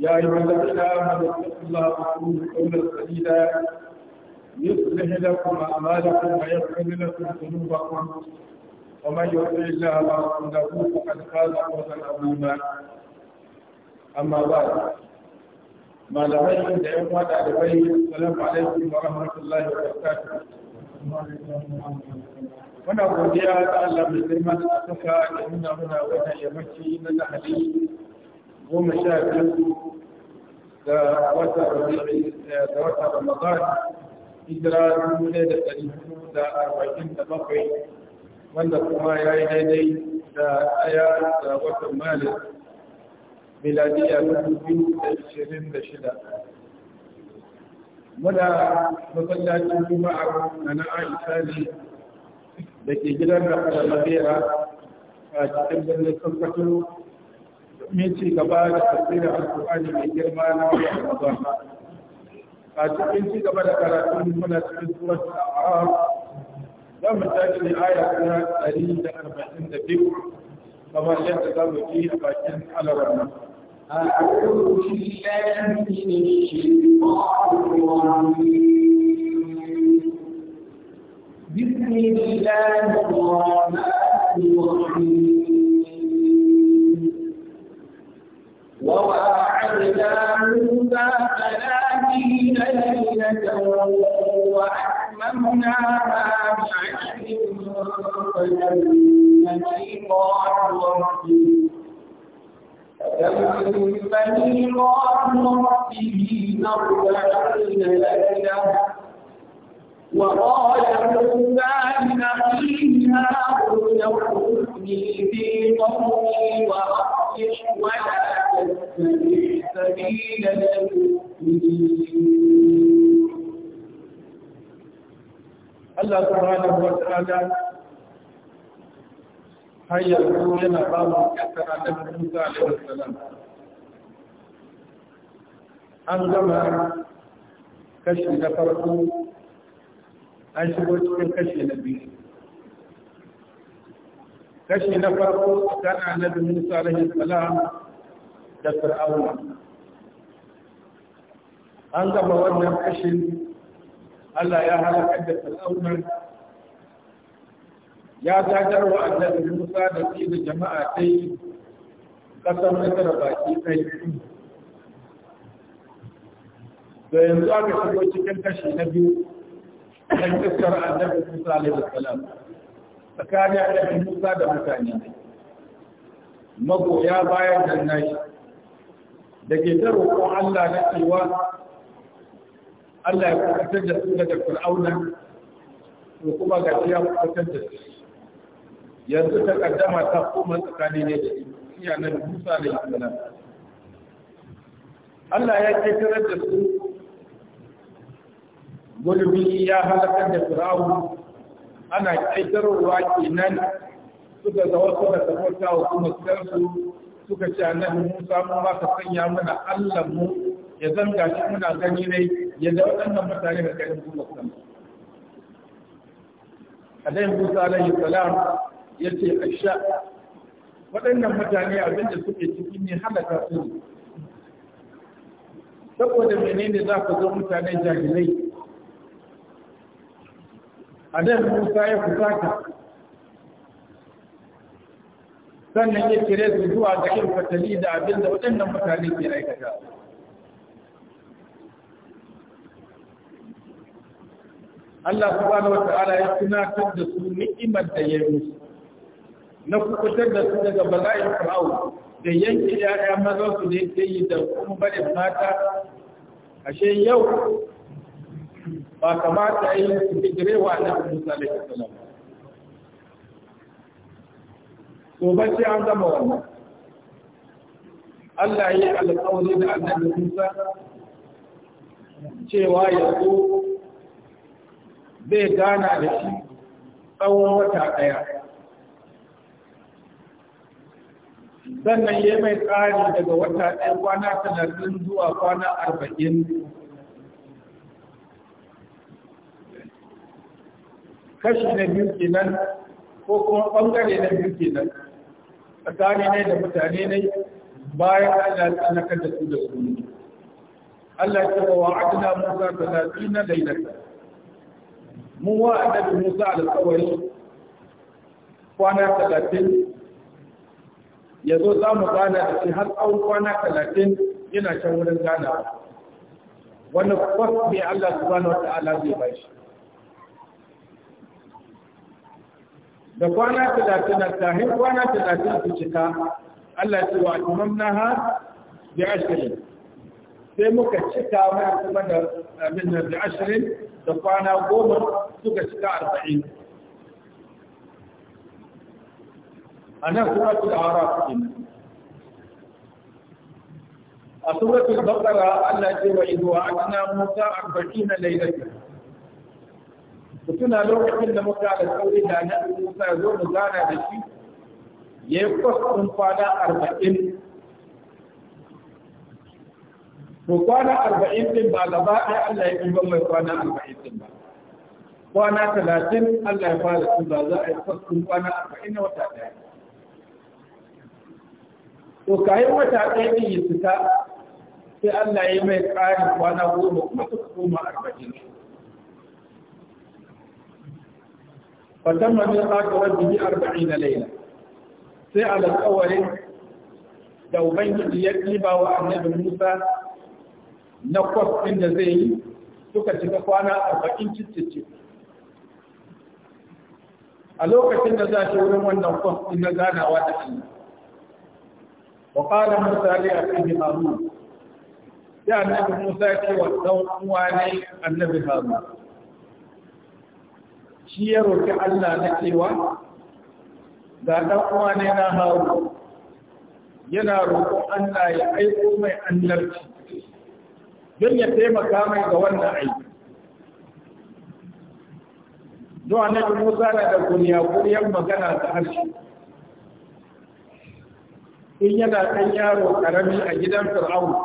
يا أيها الذين آمنوا اتقوا الله وقولوا قولا سديدا يصلح لكم أعمالكم ويغفر لكم ذنوبكم ومن يطع الله ورسوله فقد فاز فوزا عظيما أما بعد ما لغيت دعوة دعوة السلام عليكم ورحمة الله وبركاته muna godiya ga Allah mai girma da suka da nuna muna wannan yammaci na lahadi goma sha biyu ga wata rabi'i da eh, wata ramadan hijira dubu ɗaya da ɗari hudu da arba'in da bakwai wanda kuma ya yi daidai da ɗaya da watan malis miladiya dubu biyu da ishirin da shida muna masallacin juma'a na na aisha ne da ke gidan da kalamabera a cikin birnin sokoto mai ci gaba da tafsirin alkur'ani mai girma na wata ramadan a cikin ci gaba da karatun muna cikin surat al'arab za mu tashi ne aya ta ɗari da arba'in da biyu kamar yadda za mu ji a bakin alarar nan أعوذ بسم الله الرحمن الرحيم وواعدنا موسى ثلاثين ليلة وأتممناها بعشر فجنتي قال ربي فجنتي قال ربه أربعين ليلة وقال موسى لأخيه هارون Allah subhanahu wa ta'ala hayya yana ba mu kasara da Musa alaihi salam an gama kashi na farko an shigo cikin kashi na biyu kashi na farko kan annabi Musa alaihi salam da Fir'auna an gaba wannan kashin Allah ya halaka da Fir'auna ya gajar wa annabi Musa da shi da jama'a dai kasar Misra baki kai da yanzu aka shigo cikin kashi na biyu kan kasar annabi Musa alaihi salam tsakanin annabi Musa da mutane magoya bayan nan shi da ke ta roƙon Allah na cewa Allah ya kusantar da su daga Fir'auna ko kuma ga shi ya kusantar da su yanzu ta kaddama ta koma tsakani ne da iya nan Musa da Islam Allah ya ke tarar da su gulbi ya halakar da Fir'auna ana ƙetarowa kenan suka zawo suka tabbata wa kuma kansu suka ce annabi Musa mu ba ka sanya mana Allah mu ya zanga shi muna gani ne ya da wannan mutane da ganin kuma kansu Annabi Musa alayhi salam yace asha waɗannan mutane abinda suke ciki ne halaka su saboda menene za ka zo mutane jahilai a dan musa ya fusata sannan ya kire su zuwa ga yin fatali da abin da waɗannan mutane ke aikata Allah subhanahu wata ala ya tunatar da su ni'imar da ya musu na kukutar da su daga bala'in fir'aun da yanke ya'ya maza su da ya yi da kuma barin mata ashe yau ba kamata yi su hijire wa annabi Musa alaihi sanar to bacci an gama wani. Allah yi alƙawari da annabi Musa cewa yanzu zai gana da shi tsawon wata ɗaya sannan ya mai tsari daga wata ɗaya kwana talatin zuwa kwana arba'in kashi na biyu nan ko kuma bangare na biyu nan tsakani ne da mutane ne bayan Allah na kan da su da su Allah ya ce wa adna Musa na 30 lailatan mu wa annabi Musa alƙawari kwana talatin. Ya zo za mu gana da shi har tsawon kwana talatin yana can wurin gana Wani kwas ne Allah subhanahu wa ta'ala zai shi. da kwana talatin tahin kwana talatin su cika Allah ce wa tumamna ha bi ashirin sai muka cika mana kuma da abin da bi ashirin da kwana goma suka cika arba'in a nan suratul araf din a suratul baqara Allah ce wa idwa atna musa arba'ina laylatan ku tuna lokacin da muka da sauri da na Musa ya zo mu gana da shi ya yi ɗin kwana arba'in to kwana arba'in ɗin ba gaba ɗaya Allah ya ban mai kwana arba'in ɗin ba kwana talatin Allah ya fara su ba za a yi ɗin kwana arba'in na wata ɗaya to kayan wata ɗaya ɗin yi suka sai Allah ya mai ƙarin kwana goma kuma suka koma arba'in fatan mamin akawar bihi arba'i na laila sai alƙawarin da ubangiji ya ɗiba wa annabi musa na kwafin da zai yi suka cika kwana arba'in ciccici a lokacin da za shi wurin wannan kwafin na ganawa da shi wa ƙara musa ne a kan haruna sai annabi musa ce wa ɗan uwa annabi haruna shi ya roƙi Allah na cewa ga ɗan'uwa ne na haru yana roƙon Allah ya aiko mai annarci don ya taimaka mai ga wannan aiki. Zuwa na Musa na da kuriya kuriyar magana ta harshe. In yana ɗan yaro ƙarami a gidan Fir'auna,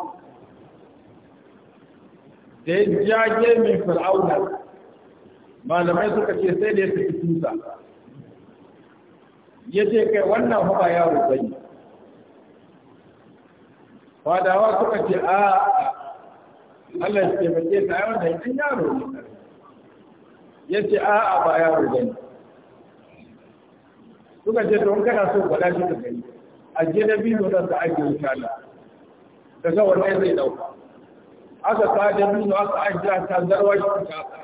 da ya jage min Fir'auna malamai suka ce sai da ya tafi tusa ya ce kai wannan haka yaro bai fadawa suka ce a Allah ya taimake ta yawon da yankin yaro ne ya ce a a ba yaro bai suka ce don kana so gwada shi ka gani a gida biyu da ta ake wuta na daga wannan zai dauka aka ta da biyu aka ajiya ta zarwa shi ta aka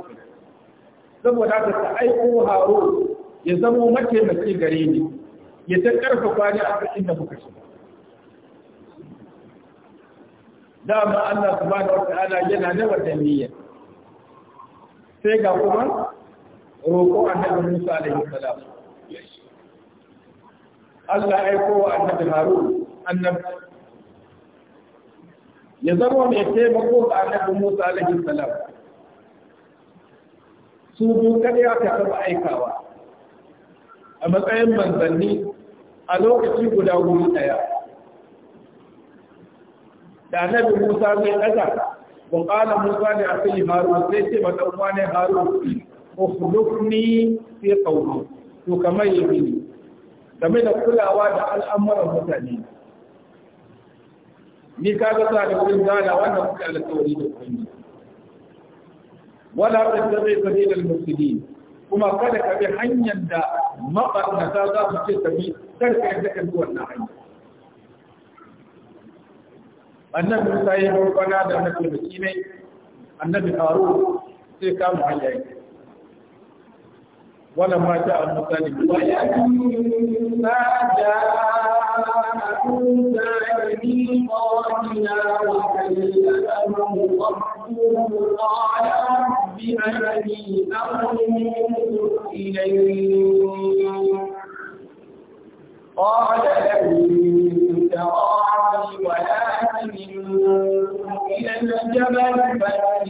saboda ta ta aiko haro ya zamo mataimaki gare ni ya ta karfafa ni a cikin da muka shiga dama Allah wata ala yana na wata niyya sai ga kuma roƙo a annabi Musa alaihi salam Allah aiko wa annabi Harun annabi ya zama mai taimako ga annabi Musa alaihi salam su dokar ya ta taba aikawa a matsayin manzanni a lokaci guda guri daya da annabi musa zai daga bukana musa ne a fili haru sai ce matsanwa ne haru ko hulukni fi kauru to kamar yi gini game da kulawa da al'amuran mutane ni ka zata da wurin gada wannan kuka alkawari da kwanye wala tattabi sabila da mufsidin kuma kada ka bi hanyar da mabarnata za su ce tafi kar ka yadda ka bi wannan hanya annabi Musa ya yi da annabi Bakine annabi Harun sai kama hanyar. yake ولما جاء موسى ولما جاء موسى لميقاتنا وكلمه ربه قال قال لن تراني ولكن انظر إلى الجبل فإن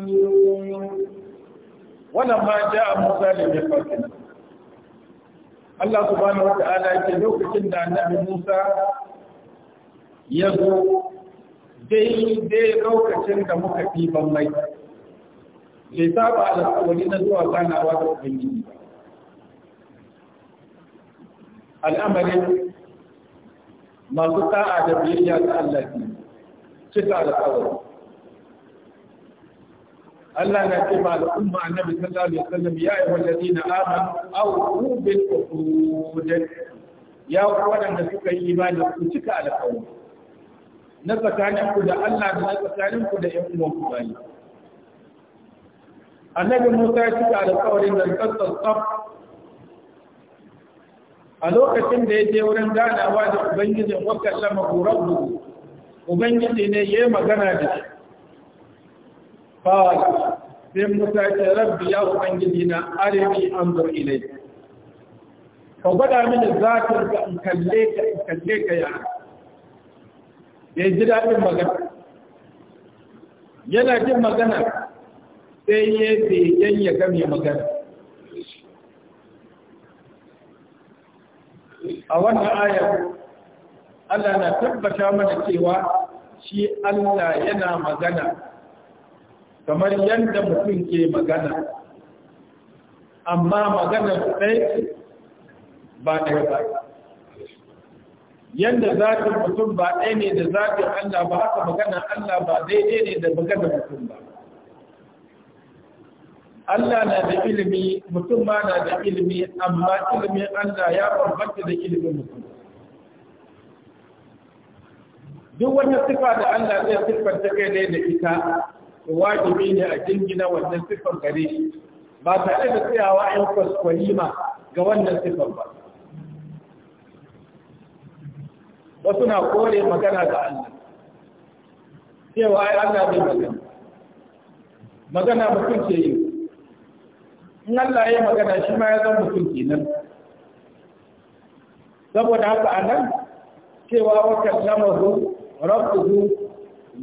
wannan ma ja Musa da ya farkin Allah subhanahu wa ta'ala yake lokacin da annabi Musa ya zo daidai lokacin da muka fi ban mai bai saba da wani na zuwa ganawa da ubangiji ba masu ta'a da biyayya ta Allah ne cika da tsawon Allah na ce ba al'umma annabi sallallahu alaihi wasallam ya yi wallazi na aman au bil uqud ya waɗanda suka yi imani ku cika alƙawari na tsakanin ku da Allah da na tsakanin ku da ƴan uwan ku bani annabi Musa ya cika alƙawarin da tsatsaf a lokacin da ya je wurin ganawa da ubangijin wakallama rabbu ubangiji ne ya magana da shi fawaki sai musa ce rabbi ya ubangiji na arini an zur ilai ka gwada mini zatar ka in kalle ka in kalle ka yana ya ji daɗin magana yana jin magana sai ya begen ya gami magana a wannan ayar Allah na tabbata mana cewa shi Allah yana magana kamar yadda mutum ke magana amma magana ɗaya ba ɗaya ba yadda zafin mutum ba ɗaya ne da zafin Allah ba haka magana Allah ba daidai ne da magana mutum ba Allah na da ilimi mutum ma na da ilimi amma ilimin Allah ya bambanta da ilimin mutum duk wata sifa da Allah zai siffanta kai dai da ita wajibi ne a jingina wannan siffar gare shi ba tare da tsayawa ‘yan ma ga wannan siffar ba. Wasu na kore magana ga Allah, cewa ya Allah zai magana, magana mutum ke yi, in Allah ya magana shi ma ya zan mutum kenan. Saboda haka a nan, cewa wakar lamarin rafuhu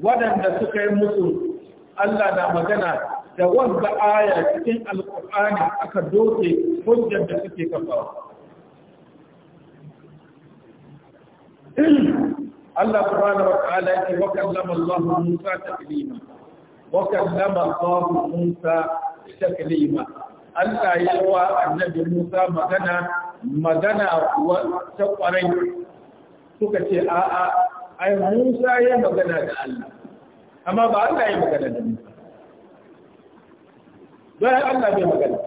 waɗanda suka yi musu Allah na magana da wanda aya cikin alƙur'ani aka doke hujjar da suke kafawa Allah subhanahu wa ta'ala yake wa kallama Allah Musa taklima wa kallama Allah Musa taklima Allah ya wa annabi Musa magana magana ta kwarai suka ce a'a ai Musa ya magana da Allah amma ba Allah ya magana da Musa bayan Allah bai magana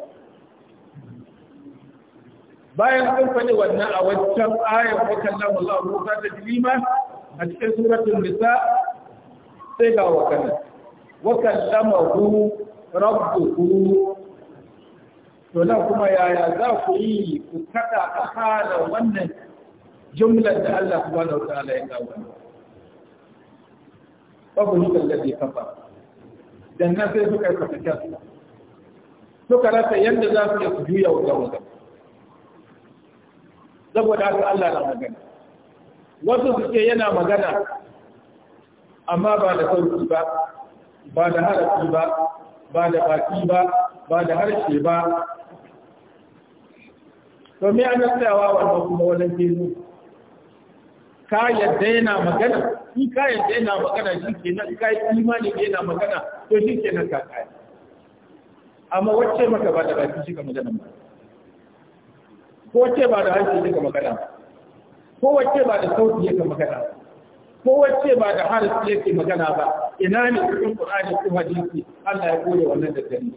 bayan an faɗi wannan a wancan ayar wa kallon Allah Musa da Jilima a cikin suratul Nisa sai ga wakana wa kallama rabbuhu to nan kuma yaya za ku yi ku kada a hana wannan jumlar da Allah subhanahu wa ta'ala ya kawo فبهت الذي kafa, dan na sai suka yi kwatakken suka rasa yadda za su yi su juya wuta wuta saboda haka Allah na magana wasu su ce yana magana amma ba da sauki ba ba da harafi ba ba da baki ba ba da harshe ba to me an tsayawa wannan kuma wannan kenan ka yadda yana magana in ka yadda yana magana shi ke nan ka yi imani yana magana to shi ke nan ka kai amma wacce maka ba da baki shi ka magana ba ko wacce ba da hanci shi ka magana ko wacce ba da sauti yake magana ko wacce ba da harfi ke magana ba ina ne cikin Qur'ani ko hadisi Allah ya gode wannan da gani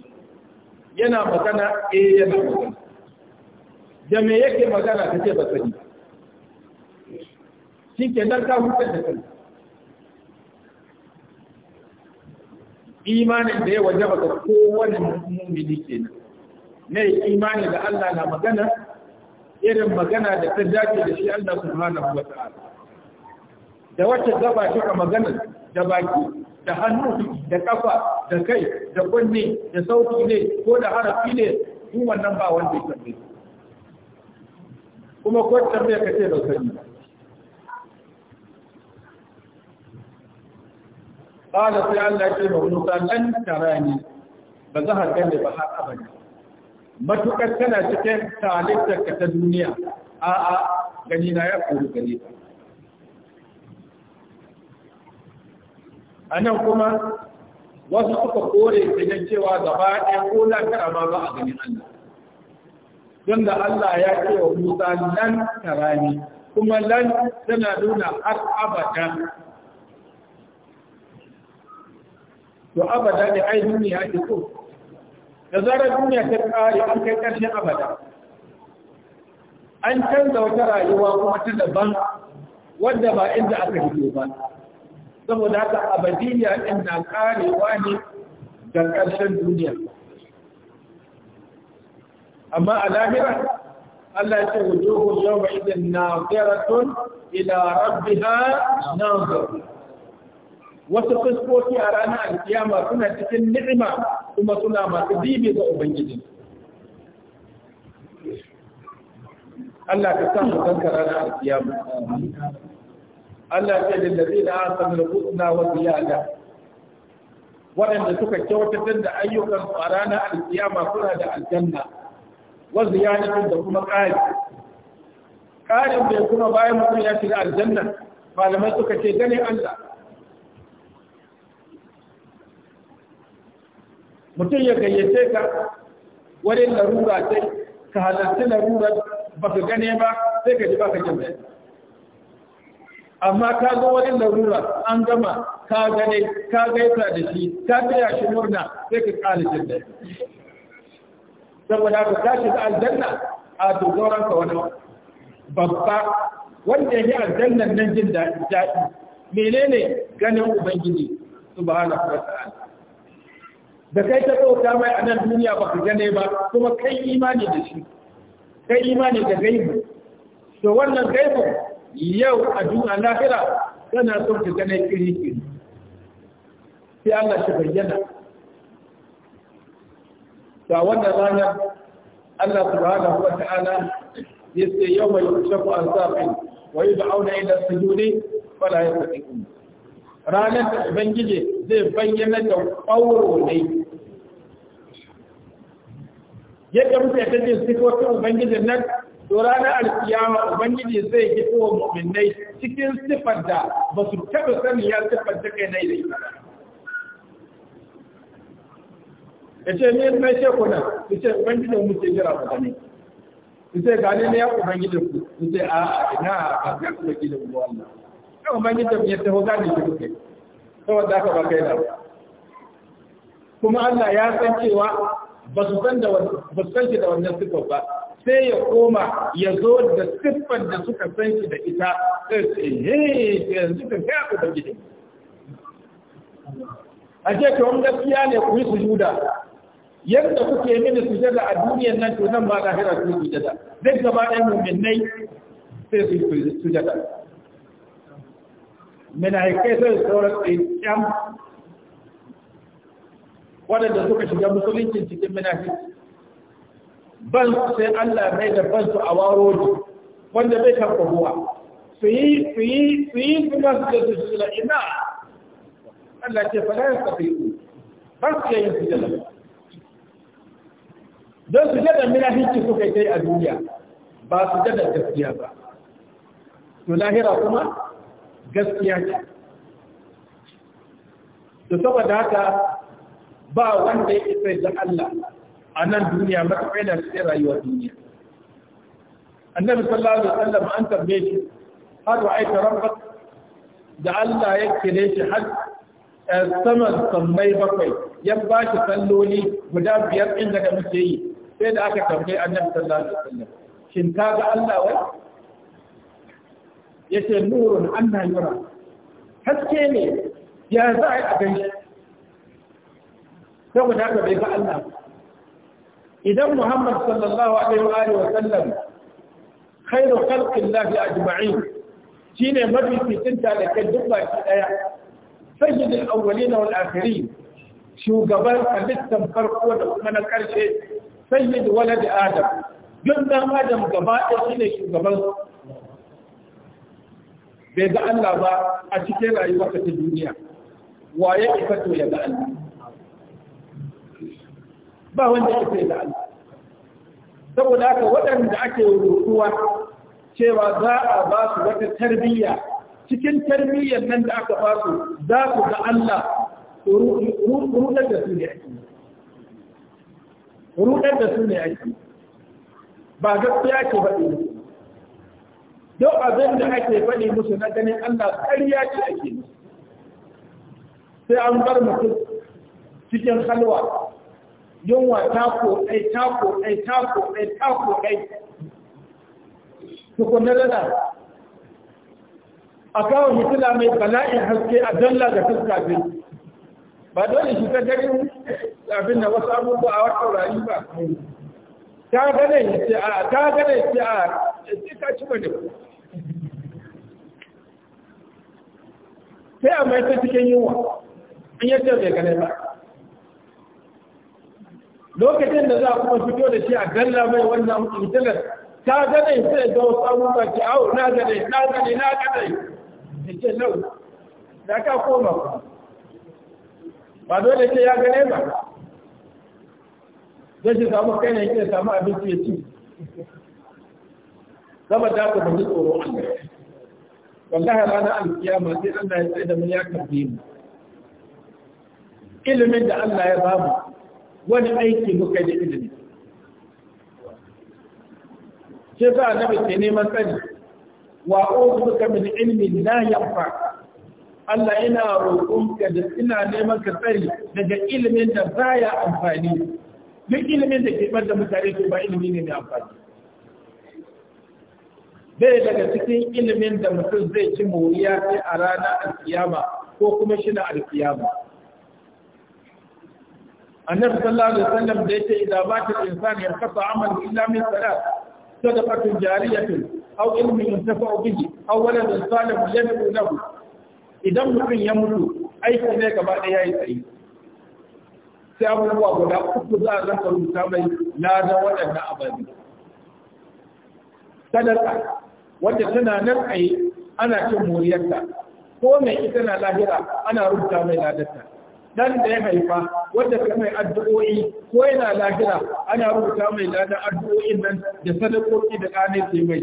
yana magana eh yana magana da me yake magana kace ba sani shi ke nan ka hutar da kai imanin da ya waje ba ga kowane mumini ke nan ne imani da Allah na magana irin magana da ta dace da shi Allah subhanahu wa ta'ala da wacce gaba ta magana da baki da hannu da kafa da kai da kunne da sauti ne ko da harafi ne su wannan ba wanda ya kuma ko tambaye ka ce da sani Allah قال في الله ne ba za a بظهر ba har أبدا Matuƙar tana cikin talittarka ta duniya a a gani na ya kori gani. ta a nan kuma wasu suka kore cikin cewa gaba ɗaya ko lantara ma ba a ganin Allah don da Allah ya ce wa Musa lan ne kuma lan tana nuna har abada to abada ne ai duniya ke so da zarar duniya ta kare an kai ƙarshen abada an canza wata rayuwa kuma ta daban wadda ba inda aka hito ba saboda haka abadiyya din na karewa ne da ƙarshen duniya amma a lahira Allah ya ce wujuhu yawma idin na ila rabbiha nazir wasu fuskoki a ranar alkiyama suna cikin ni'ima kuma suna masu bibi ga ubangiji Allah ka sa mu kanka ranar alkiyama Allah ce lillazi da asan rubutuna wa ziyada waɗanda suka kyautatar da ayyukan a ranar alkiyama suna da aljanna wa ziyadatun da kuma ƙari ƙarin bai kuma bayan mutum ya shiga aljanna malamai suka ce ganin Allah mutum ya gayyace ka wani larura ce ka halarci larurar ba ka gane ba sai ka ji ba ka jin amma ka zo wani larura an gama ka gane ka gaisa da shi ka tsaya shi murna sai ka ƙara jin daɗi saboda ka tashi da aljanna a dogoron ka wani babba wanda ya yi aljannan nan jin daɗi menene ganin ubangiji subhanahu wa ta'ala da kai ta tsohuta mai a nan duniya ba ku gane ba kuma kai imani da shi kai imani da gaibu to wannan gaibu yau a duniya lahira tana son ka gane kiri kiri sai Allah shi bayyana ga wannan ranar Allah ba wa ta'ala ya ce yau mai shafu an safin wai da auna idan su jure fala ya faɗi ranar da ubangiji zai bayyana da ƙauro ne yadda mutane ce sifofin ubangijin nan to ranar alkiyama ubangiji zai fito wa mu'minnai cikin siffar da ba su taɓa sani ya siffar ta kai nai da ita ya ce ne na ce kuna ya ce ubangijin mu ce jira ku gani Ya ce gane ne ya ubangijin ku su ce a ina ba ka ubangijin ku wannan kan ubangijin ya taho gane ki kuke saboda haka ba kai da kuma Allah ya san cewa ba su san da wannan siffar ba sai ya koma ya zo da siffar da suka san shi da ita sai yanzu ka ga ku a ce ka wani gaskiya ne ku yi sujuda yadda kuke mini su jada a duniyar nan to nan ba da hira ku jada zai gaba ɗaya mummunai sai su yi jada mena haikai sai sauran tsaye waɗanda suka shiga musuluncin cikin minafi ban sai Allah mai da ban su a waro wanda bai kan kowa su yi su yi su yi su ma su da su da ina Allah ce fara ya tafi ba su yayin su da don su jada munafiki suka kai a duniya ba su jada gaskiya ba to lahira kuma gaskiya ce to saboda haka ba wanda yake sai da Allah a nan duniya matakai da cikin rayuwar duniya annabi sallallahu alaihi wasallam an tambaye shi har ra'aita rabbak da Allah ya kire shi har saman sammai bakwai ya ba shi salloli guda biyar inda da muke yi sai da aka tambaye annabi sallallahu alaihi wasallam shin ka ga Allah wai yace nurun anna yura haske ne ya za a ganshi saboda haka bai ga Allah idan Muhammad sallallahu alaihi wa sallam khairu khalqillahi ajma'in shine da talakai duk baki daya sayyidul awwalin wal akhirin shugaban halittar farko da kuma na karshe sayyid walad adam duk dan adam gaba ɗaya shine shugaban bai ga Allah ba a cikin rayuwarsa ta duniya waye ka to ya ga Allah ba wanda ya sai da Allah saboda haka waɗanda ake rukuwa cewa za a ba su wata tarbiyya cikin tarbiyyar nan da aka ba su za su ga Allah rudar da su ne ake rudar da su ne ake ba gaskiya ke faɗi musu duk abin da ake faɗi musu na ganin Allah ƙarya ce ake musu sai an bar mutum cikin halwa yunwa ta koɗai ta koɗai ta koɗai ta koɗai tukunan lada a kawo hitila mai bala'in haske a dalla da fuska ce ba dole shi ta ganin abin da wasu abubuwa a wata rayu ba ta gane ce a ta gane ce a ce ka ci wani sai a mai ta cikin yunwa in yadda bai gane ba lokacin da za a kuma fito da shi a galla mai wannan intanet ta ganai sai da wasu abubuwa ki awo na ganai na ganai na ganai da ke nau da ka koma ku ba dole ce ya gane ba zai shi samu kai ne ke samu abinci ya ci zama da ka bani tsoro Allah wallahi masu alkiyama sai Allah ya tsaye da mu ya karbe mu ilimin da Allah ya babu. wani aiki muka yi da izini ce za a nabi ke neman tsari wa ozu ka min ilmi na yamfa Allah ina ka da ina neman ka tsari daga ilimin da ba ya amfani duk ilimin da ke ɓar da mutane ke ba ilimi ne mai amfani bai daga cikin ilimin da mutum zai ci moriya sai a rana alkiyama ko kuma shi na alkiyama annabi sallallahu alaihi wasallam da yake idan ba ta insani ya kafa amal illa min salat sadaqatun jariyatun aw ilmin yuntafa'u bihi aw waladun salihun yad'u lahu idan mutum ya mutu aiki ne gaba ɗaya yayi sai sai abubuwa guda uku za a zanta rubuta mai ladan waɗannan abadi sadaka wanda tana nan ai ana cin moriyarta ko mai ita na lahira ana rubuta mai ladarta dan da ya haifa wanda ka mai addu'o'i ko yana lafiya ana rubuta mai ladan addu'o'in nan da sadakoki da kane sai mai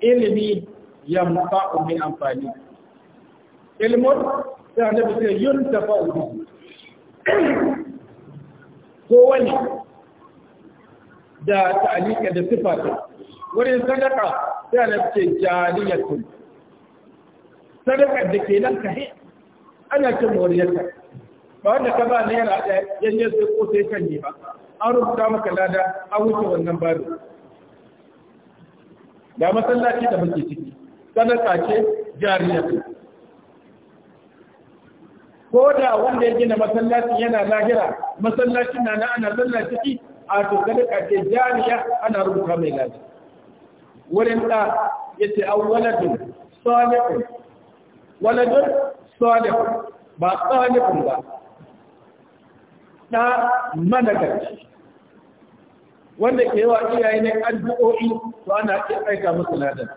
ilimi ya mufa mai amfani da sai bi sai yun tafa ubi ko wani da ta'alika da sifatu wurin sadaka sai annabi ce jariyatun sadaka da ke nan kahe ana cin moriyarta ba wanda ka ba naira ɗaya yanzu sai ko sai kan ba an rubuta maka lada an wuce wannan babu da masallaci da muke ciki sadaka ce jariya ko da wanda ya gina masallaci yana lahira masallaci na na ana sallah ciki a to sadaka ce jariya ana rubuta mai lada wurin ce yace awwaladun salihun waladun salihun ba salihun ba ɗa managarci wanda ke yawa iyaye ne addu'o'i to ana iya aika musu ladan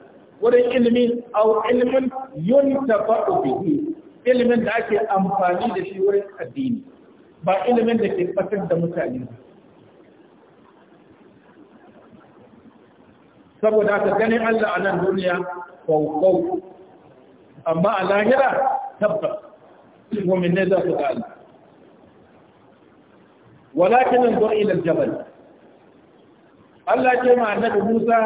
wurin ilimi au ilimin yuntafa'u bihi ilimin da ake amfani da shi wurin addini ba ilimin da ke fatar da mutane ba saboda ka ganin Allah a nan duniya kwaukau amma a lahira tabbas ko menene za su ga Allah walakin anzur ila al-jabal Allah ce ma annabi Musa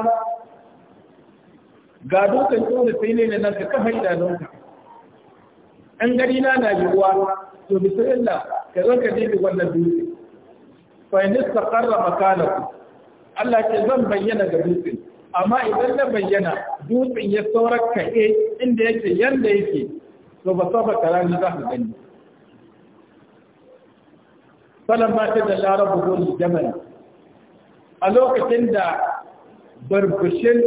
ga dukan tsoro sai ne nan ka kafa idanunka an gari na na yiwuwa to bisa illa ka zo ka dibi wannan dutse fa in istaqarra makanahu Allah ce zan bayyana ga dutse amma idan na bayyana dutsen ya saurar kaɗe eh, inda yake yanda yake to ba saba karani za ka gani falan ma ta jalla rabbuhu lil-jamal a lokacin da barbushin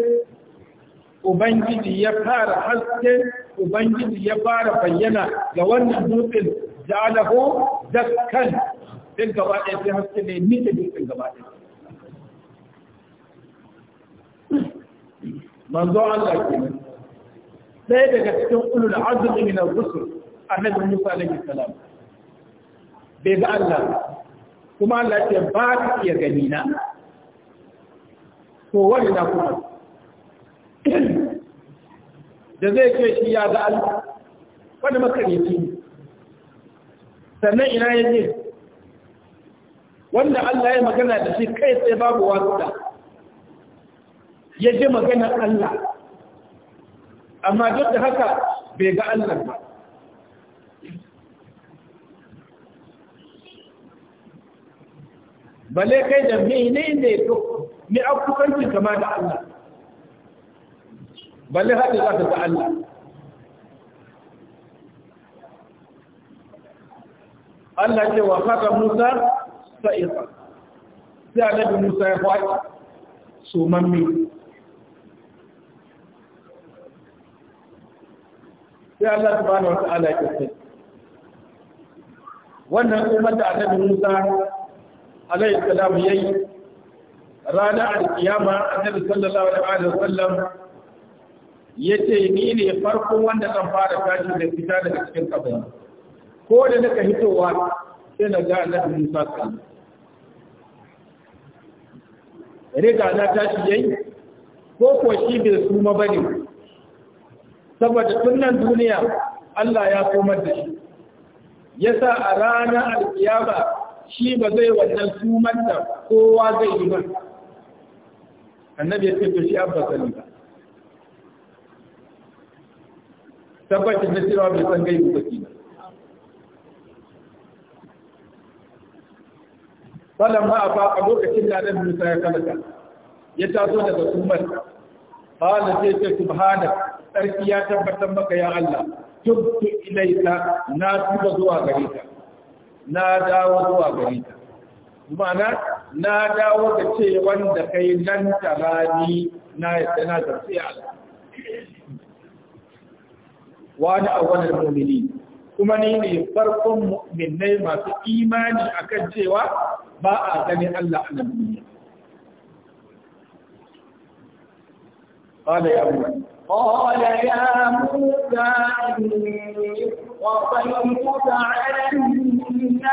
ubangiji ya fara haske ubangiji ya fara bayyana ga wannan dutsen da dakkan din gaba ɗaya sai haske ne ni da dutsen gaba ɗaya manzo Allah ke kenan sai daga cikin ulul azmi min ar-rusul annabi Musa alaihi salam bai ga Allah kuma Allah ce ba ka iya gani na to wani na kuma da zai ce shi ya ga Allah wani makarici sannan ina ya ce wanda Allah ya magana da shi kai tsaye babu wasuɗa ya ji magana Allah amma duk da haka bai ga Allah ba bale kai da mene ne to ni akukanci kama da Allah bale haɗe za ka ga Allah Allah ce wa haka Musa sa'ifa sai annabi Musa ya faɗi mammi sai Allah subhanahu wa ta'ala ya ce wannan umar da annabi Musa alaihi salam yayi Rana alkiyama annabi sallallahu alaihi wa sallam yace ni ne farkon wanda zan fara tashi da fita daga cikin kabari ko da naka hitowa sai na ga annabi Musa sallallahu riga na tashi yayi ko ko shi bai suma bane saboda sunan duniya Allah ya komar da shi yasa a ranar alkiyama shi ba zai wannan tumar da kowa zai yi ba annabi ya ce to shi abba sani ba tabbacin na cewa bai san gaibu ba ki falan ma a fa a lokacin da nan Musa ya kalata, ya taso daga sumar qala sai ce subhana sarki ya tabbatar maka ya Allah tubtu ilaika na tuba zuwa gare ka na dawo zuwa gari ta ma'ana na dawo da ce wanda kai nan tarani na yadda na zarfi Allah wani wani mu'mini kuma ni ne farkon mu'minai masu imani akan cewa ba a ganin Allah a nan duniya قال يا أبو قال يا موسى إني على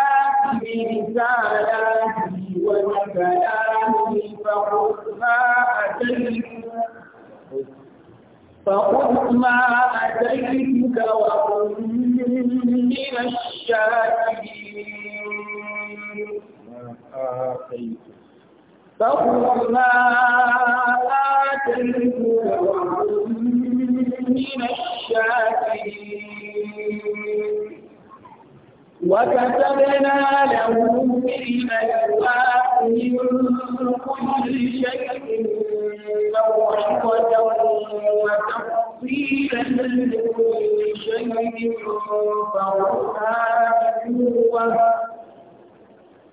الناس برسالاتي وكلامي فخذ ما أتيتك فخذ ما أتيتك وكن من الشاكرين فخذ ما آتيتك وكتبنا له في الملواح من كل شيء موعظة وتفصيلا لكل شيء فخذها بقوة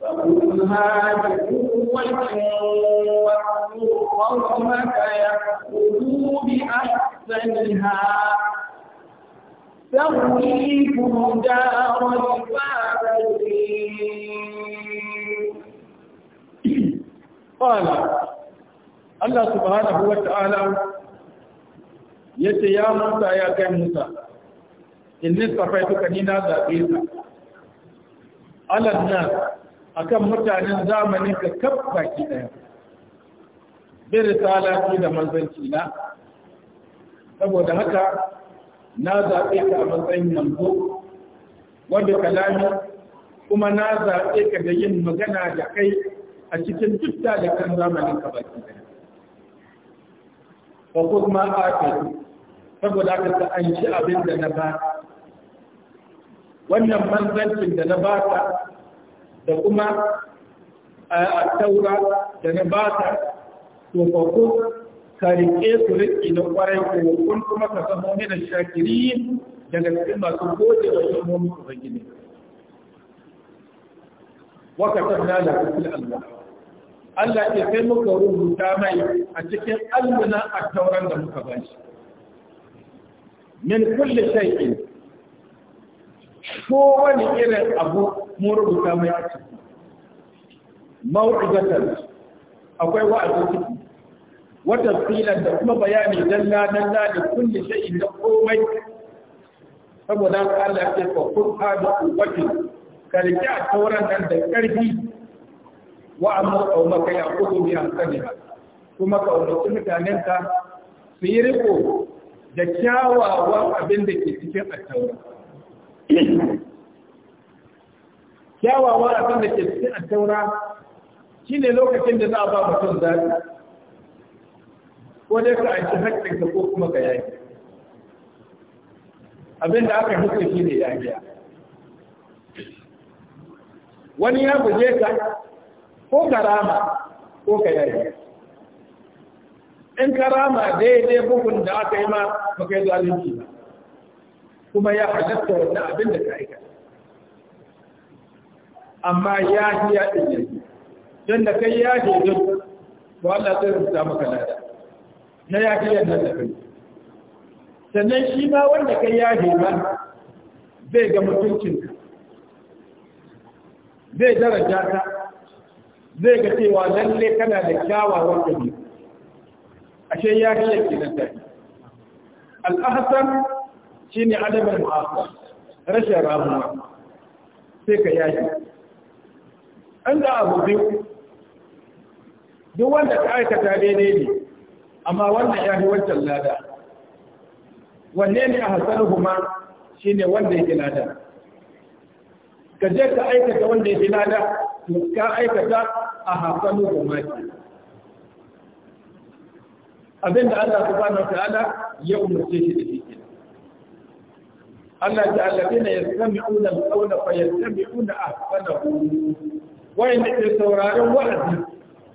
فخذها بقوة واحذر قومك يأخذوا بأحسنها تغويكم دار قال الله سبحانه وتعالى يتي يا موسى يا كان موسى إن صفيتك نينا ذاكيسا على الناس أكم متى من زامنك كف باكينا برسالة إلى منزل كينا تبو دهكا na zaɓe ka a matsayin yanzu wanda kalami kuma na zaɓe ka da yin magana da kai a cikin duk da kan zamanin ka baki ɗaya wa kuma saboda ka ta an shi abin da na ba wannan manzancin da na ba ta da kuma a taura da na ba ta to ka riƙe su riƙi na ƙwarai ko kun kuma ka zama mina shakiri daga cikin masu gode wa ilmomin ubangiji waka tabna da kusul allah allah ya kai muka rubuta mai a cikin alluna a tauran da muka ba shi min kulli shay'in ko wani irin abu mun rubuta mai a ciki mau'izatan akwai wa'azi ciki wata filan da kuma bayani dalla dalla da sai shay'in da komai saboda Allah ya ce qur'a da quwwati karki a tauran nan da karfi wa amma ya kudu ya amsalha kuma ka mutanenka, mutanen ka su yi riko da kyawawan abin da ke cikin attaura kyawawan abin da ke cikin attaura shine lokacin da za a ba mutum zafi. ko dai ka aiki haƙƙinka ko kuma ka yaki abin da aka hukunta shi ne yakiya wani ya guje ka ko karama ko ka yaki in karama daidai bugun da aka yi ma ba kai zalunci ba kuma ya halatta wannan abin da ka aikata amma ya hiya ɗin yanzu don da kai ya hiya don to Allah zai rubuta maka lada na yafiyar nan da kai sannan shi ma wanda kai ya ba zai ga mutuncinka zai daraja ka zai ga cewa lalle kana da kyawawan ɗabi ashe ya fi yake nan tafi al'ahasan shi ne adabar ma'asa rashin ramuwa sai ka yaji an da abu biyu duk wanda ka aikata daidai ne amma wannan ya fi wancan lada wanne ne a hasaru kuma shi ne wanda ya fi lada ka je ka aikata wanda ya fi lada ka aikata a hasaru kuma ke abinda Allah subhanahu wa ta'ala ya umarce shi da shi Allah ta alladina yastami'una al-qawla fa yastami'una ahsanahu wa in sauraron wa'azi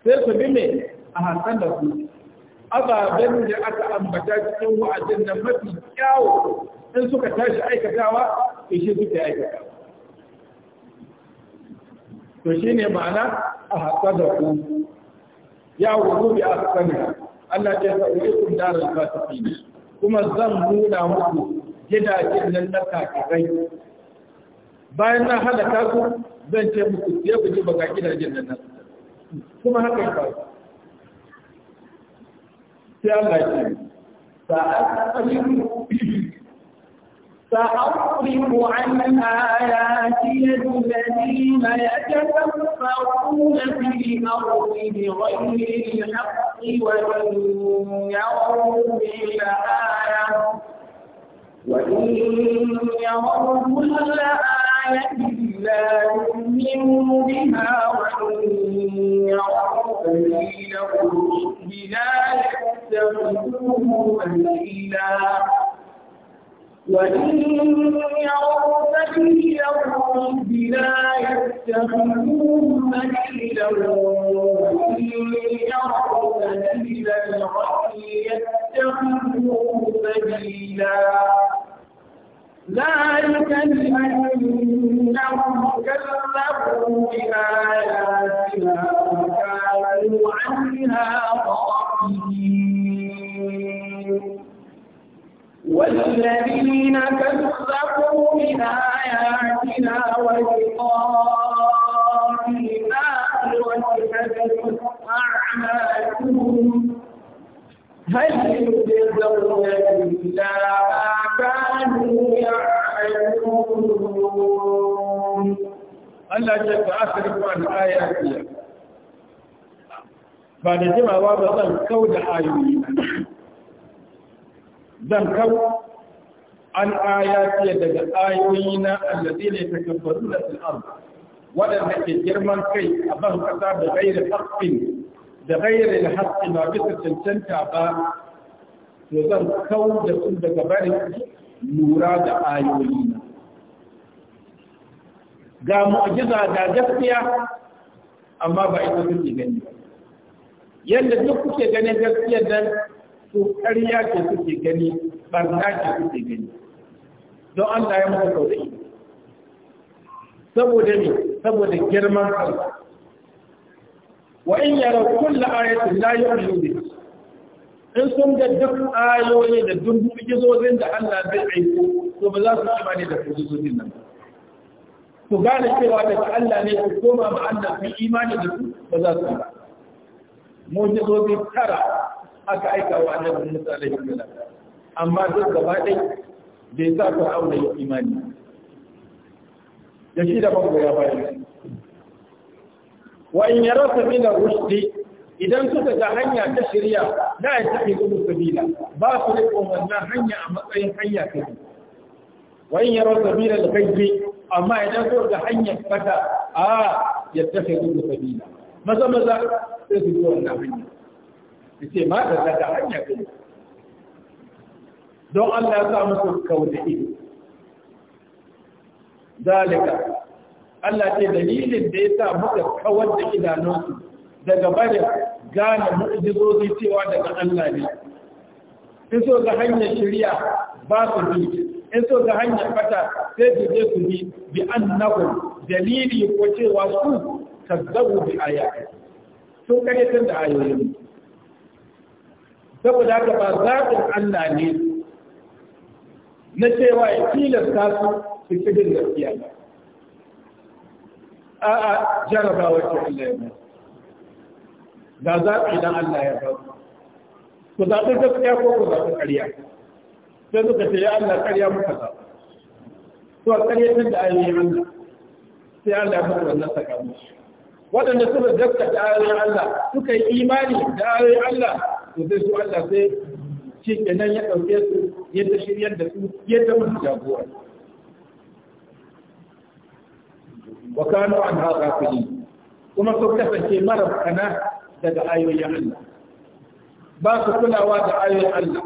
sai su bi me ahsanahu ababen da aka ambata cikin wa'azin nan mafi kyawo in suka tashi aikatawa ya shi suke aikata to shi ne ma'ana a da ku ya wuru bi asana Allah kun sa ulikum ta fasiqin kuma zan nuna muku gidajen nan na kakirai. bayan na hada kasu zan ce muku sai ku ji baka gidajen nan kuma haka ya faru sai Allah ke سأصرف عن آياتي الذين يتكبرون في الأرض بغير الحق وإن يروا كل آية وإن يروا كل آية آية لا بها وإن يروا سبيلهم بلا يتخذوه سبيلا وإن يروا سبيلهم بلا يتخذوه سبيلا وإن يروا سبيل الغي يتخذوه سبيلا ذلك بأنهم كذبوا بآياتنا وكانوا عنها غافلين والذين كذبوا بآياتنا ولقاء الآخرة كذبت أعمالهم هل يجزون إلا Allah ce ba a sarrafa al'aya fiye. Ba da jimawa ba zan kau da ayoyi. Zan kau an aya fiye daga ayoyi na allazi ne ta kabbaru da al'ar. Waɗanda ke girman kai a ban kasa da gairar haƙƙin da gairar haƙƙin ba bisa cancanta ba, to zan kau da su daga barin lura da ayoyi ga mu'jiza da gaskiya amma ba ita kuke gani ba yadda duk kuke ganin gaskiyar nan to ƙarya ce kuke gani barna ce kuke gani don Allah ya muku kaurayi saboda ne saboda girman kansa wa in yara kullu ayatin la yu'minu in sun ga duk ayoyi da dubu mu'jizozin da Allah zai aiko to ba za su ci ba ne da mu'jizozin nan ku gane cewa daga Allah ne ku koma ma Allah fi imani da su ba za su ba Mu mu'jizozi tara aka aika wa annabi Musa alaihi salam amma duk gaba dai bai sa ku aure imani da shi da bango ya bayar wa in yara min ar-rushdi idan suka ga hanya ta shirya la ya tafi gudu sabila ba su ne wannan hanya a matsayin hanya ta bi wa in yaro sabila da gaibe amma idan suka ga hanya fata a ya tafi gudu sabila maza maza sai su zo wannan hanya Ya ce ma ta daga hanya ta don Allah ya sa musu kauda ido zalika Allah ce dalilin da ya sa muka kawar da idanunsu daga bada gane mu'jizozi cewa daga Allah ne in so ga hanyar shari'a ba su bi in so ga hanyar fata sai su je su bi bi annahu dalili ko cewa su kazzabu bi ayati sun tun da ayoyin saboda ka ba zaɓin Allah ne na cewa ya tilasta su su cikin gaskiya a'a jarabawa ce Allah ya دازار عدان الله يفعل فدازار جد كيا فوق دازار قريا فدو كتلي الله قريا مكتا تو قريا تند آل يمن سيا الله مكتا الله تكامش وانا نسوب الزكة آل الله تو كي إيماني آل الله وزيسو الله سي شيء كنا يأو يسو يدشير يدسو يدمن جابوه وكانوا عن هذا غافلين kuma su kasance mara kana daga ayoyin Allah ba su kulawa da ayoyin Allah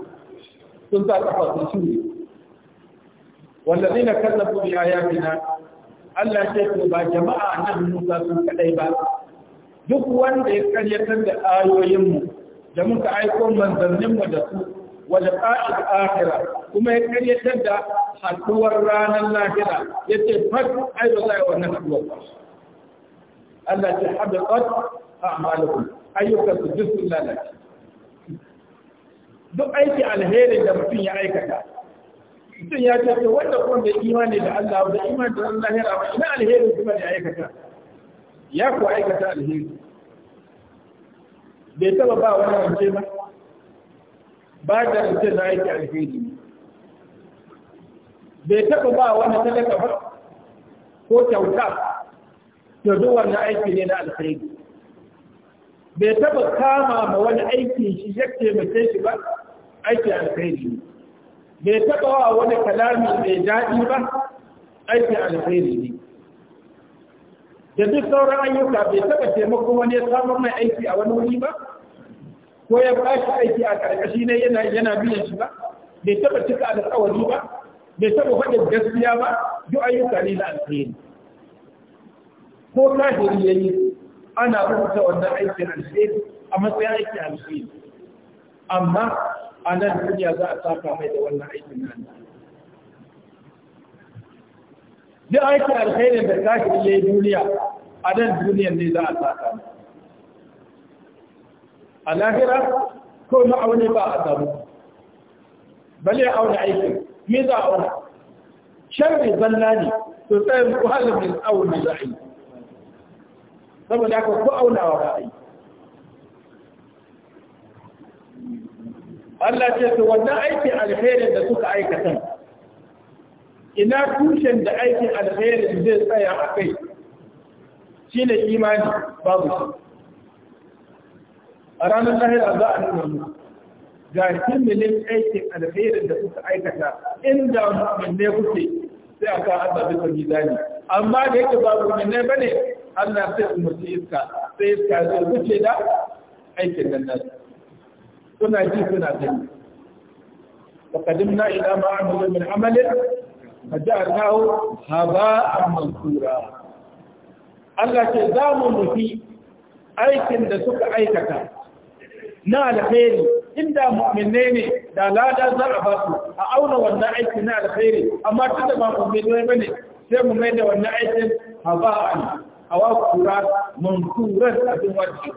sun sa kafa su shuri wallazina kallafu bi ayatina Allah ya ce ba jama'a nan Musa sun kadai ba duk wanda ya karyatar da ayoyinmu da muka aiko manzanninmu da su wada ƙa'id akhira kuma ya karyatar da haduwar ranar lahira ya ce fat ai ba za a yi wannan haduwar ba Allah ce haɗa ƙat a amalikun ayyukan su duk sun lalace duk aiki alherin da mutum ya aikata mutum ya ce ce wanda kuma da imani da Allah da imani da Allah ya ba ina alherin kuma da aikata ya ku aikata alheri bai taba ba wani rance ba ba da rance na aiki alheri bai taba ba wani talaka ba ko kyauta to duk wannan aiki ne na alheri bai taba kama ma wani aikin shi ya taimake shi ba aiki alkhairi bai taba wa wani kalami mai daɗi ba aiki alkhairi ne da duk sauran ayyuka bai taba taimako wani ya samun mai aiki a wani wuri ba ko ya ba shi aiki a karkashi ne yana yana biyan shi ba bai taba cika alƙawari ba bai taba faɗi gaskiya ba duk ayyuka ne na alkhairi ko kafiri ya yi ana rubuta wannan aikin alheri a matsayin aikin alheri amma a nan duniya za a saka mai da wannan aikin nan aiki aikin alheri da kashi ya duniya a nan duniya ne za a saka a lahira ko ma'auni ba a zaru bale auna aikin me za a auna sharri zalla ne to tsayin kuhalin auna za a yi saboda haka ko aunawa ba yi Allah ce to wannan aikin alherin da suka aikata ina tushen da aikin alherin zai tsaya a kai Shi ne imani babu shi a ranar lahira za a nuna mu ga kimilin aikin alherin da suka aikata inda mu'min ne kuke sai a ka duka mizani amma da yake babu ne bane Allah sai umarci iska sai iska zai wuce da aikin nan nasu suna ji suna sani na ila ma عملوا min عمل فجعلناه هباء منثورا Allah ce za mu nufi aikin da suka aikata na alkhairi inda mu'minne ne da lada za a basu a auna wannan aiki na alkhairi amma tunda da ba mu'minai bane sai mu mai da wannan aikin haba'an awa kura mankuran abin wace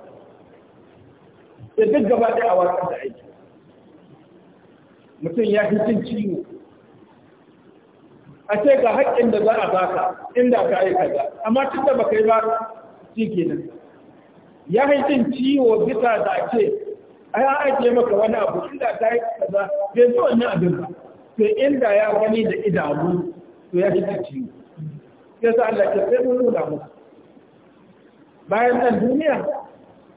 da duk gaba da awa kan da aiki mutum ya fi cin ciwo a ce ga haƙƙin da za a baka inda ka yi za amma tun da baka yi ba shi kenan ya fi ciwo bisa da ce a ya ajiye maka wani abu inda ta yi kaza bai zo wani abin ba to inda ya gani da idanu to ya fi cin ciwo sai sa Allah ke sai mun nuna musu bayan nan duniya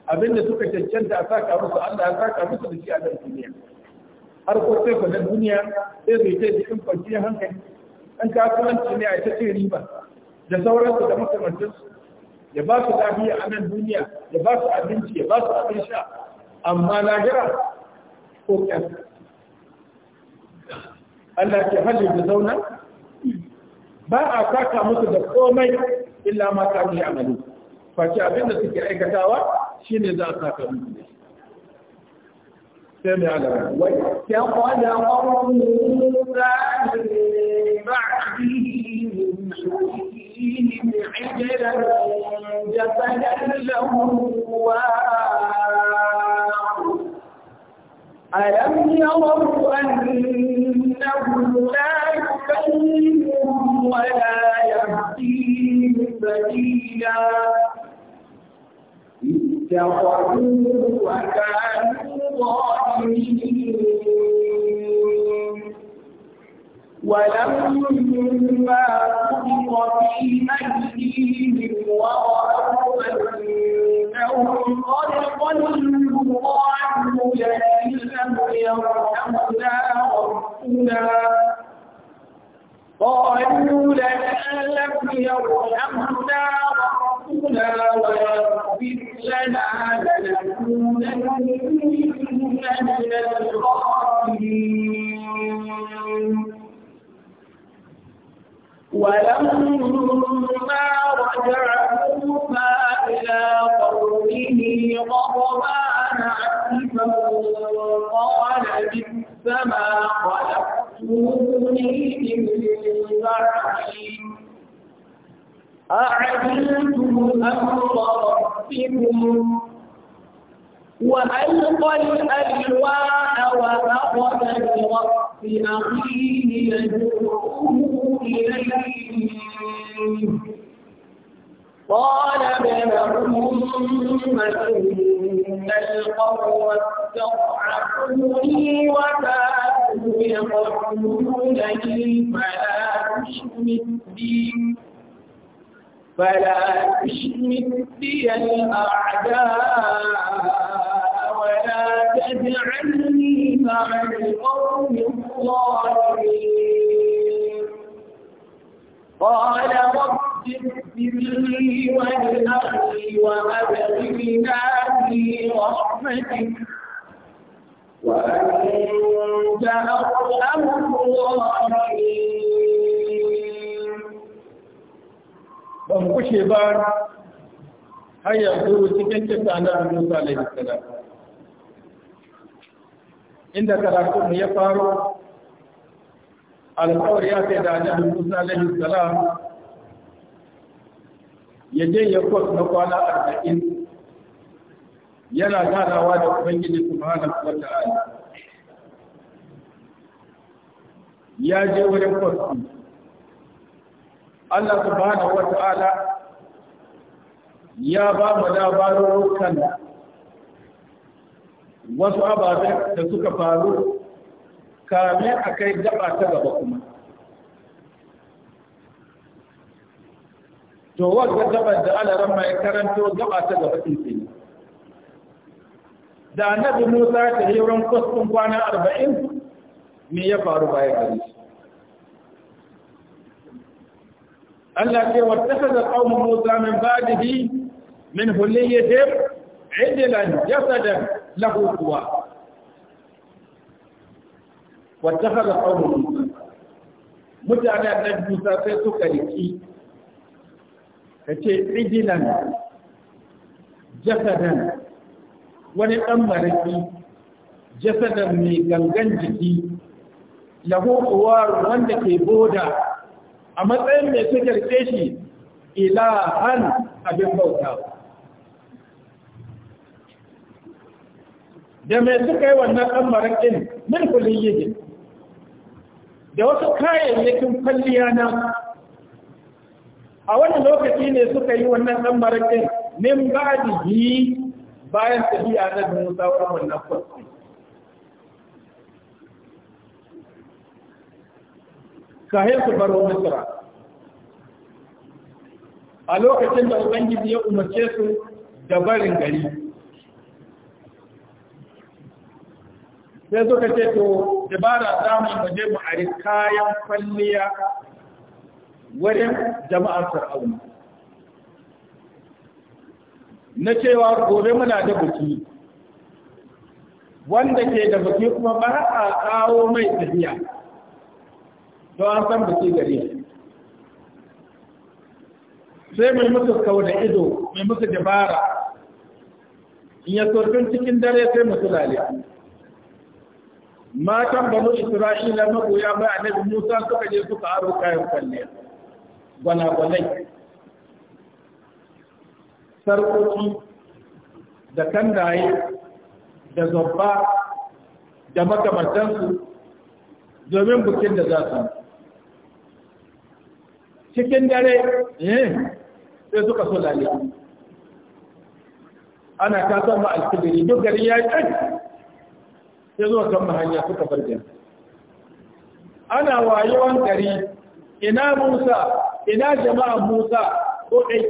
abinda suka cancanta a saka musu Allah ya saka musu da shi a nan duniya har ko sai ku na duniya sai zai ce cikin kwanciyar hankali an kasuwanci ne a ta ce riba da sauransu da makamantansu ya ba su lafiya a nan duniya ya ba su abinci ya ba su abin sha amma na gira ko ƙyan Allah ke hali da zauna ba a saka musu da komai illa ma ta yi amalu face abin da suke aikatawa ne za a saka musu da shi sai mai alaƙa wai ya kwada ƙwararru da عجلا ألم يروا أنه لا يكلمهم ولا يهديهم سبيلا اتخذوه وكانوا ظالمين ولما كبر في أيديهم ورأوا أنهم قد قالوا لئن لم يرحمنا ربنا قالوا لئن لم يرحمنا ولما رجع موسى إلى قومه غضبان عسفا قال بئس ما من بعدي أعجلتم أمر ربكم وألقى الألواح وأخذ برأس أخيه يجره إليه قال ابن أم إن القوم استضعفوني وكانوا يقتلونني فلا تشمت بي فلا تشمت بي الأعداء ولا تجعلني مع القوم الظالمين قال رب اغفر لي ولأخي وأدخلنا في رحمتك وأنت أرحم الراحمين Ban kushe ba har yanzu cikin kisa na Musa laifin salam inda karatun ya faru, alkawar ya sai da annabi Musa laifin salam ya je ya kwas na kwana arba'in yana ganawa da ubangiji subhanahu wa ta'ala ya je wurin kwasu Allah subhanahu wa ta'ala ya ba mu labarurukan wasu ababen da suka faru kamin a kai gaba ta gaba kuma to wadda gabar da alaran mai karanto gaba ta gaba ne. da annabi musa ta yi ran kwastin kwana arba'in me ya faru bayan gari Allah ce wattakhadha qaumu Musa min ba'dihi min hulliyatihim ijlan jasadan lahu kuwa. quwa wattakhadha qaumu Musa mutane annabi Musa sai suka riki kace ijlan jasadan wani dan maraki jasadan mai gangan jiki lahu kuwa wanda ke boda a matsayin mai su rike shi an abin bauta da mai suka yi wannan ɗan ɗin, min kulin yi da wasu kayayyakin kwalliya na a wani lokaci ne suka yi wannan ɗan ɗin, min ba bayan tafiya na da musa wannan kwalliya kayan su baro misra a lokacin da ubangiji ya umarce su da barin gari sai suka ce to dabara zamu samun je mu ari kayan kwalliya wajen jama'ar fir'auna na cewa gobe muna da buki wanda ke da buki kuma ba a kawo mai tafiya don an san biki gari sai mai musu kau da ido mai musu dabara in ya turfin cikin dare sai musu laliya matan banu isra'ila magoya bai annabi musa suka je suka aro kayan kwalliya gwanagwanai sarƙoƙi da kandaye da zobba da makamantansu domin bukin da za su yi. cikin dare eh, sai suka so lale ana ta san ma alkibiri duk gari ya yi sai zuwa kan hanya suka farge ana wayewan gari ina musa ina jama'a musa ko ɗai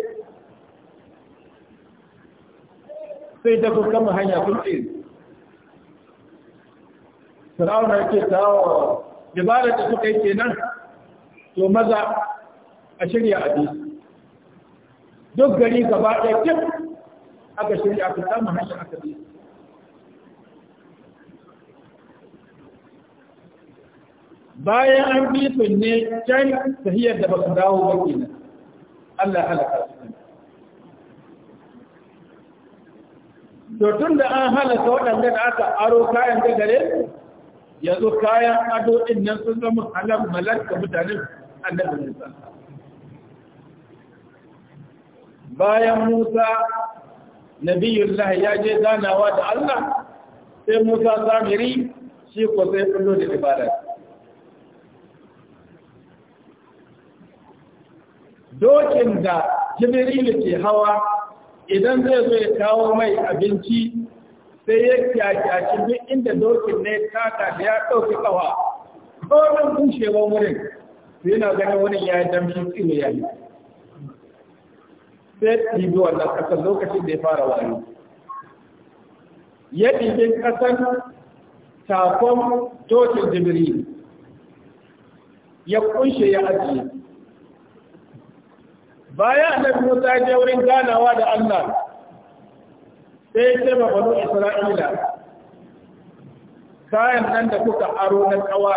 sai ta kuka hanya sun ce fir'auna yake tawo dabarar da suka yi kenan to maza a shirya abinci duk gari gaba ɗaya duk aka shirya aka samu hanyar aka bi bayan an bi su ne can sahiyar da ba su dawo ba kenan Allah halaka su to tun da an halaka waɗanda da aka aro kayan da gare yanzu kayan ado ɗin nan sun zama halar malar ga mutanen annabi Musa bayan Musa nabiyullahi ya je ganawa da Allah sai Musa zamiri shi ko sai kullo da ibada dokin da Jibrilu ke hawa idan zai zo ya kawo mai abinci sai ya kyakyaci duk inda dokin ne taka da ya ɗauki kawa ko nan kushewar wurin yana ganin wani ya yi damshi tsiri ya yi sai ɗibi wannan ƙasar lokacin da ya fara wayo ya ɗibi ƙasar takon tocin jibiri ya kunshe ya ajiye baya annabi Musa ya wurin ganawa da Allah sai ya ce Isra'ila kayan nan da kuka aro na tsawa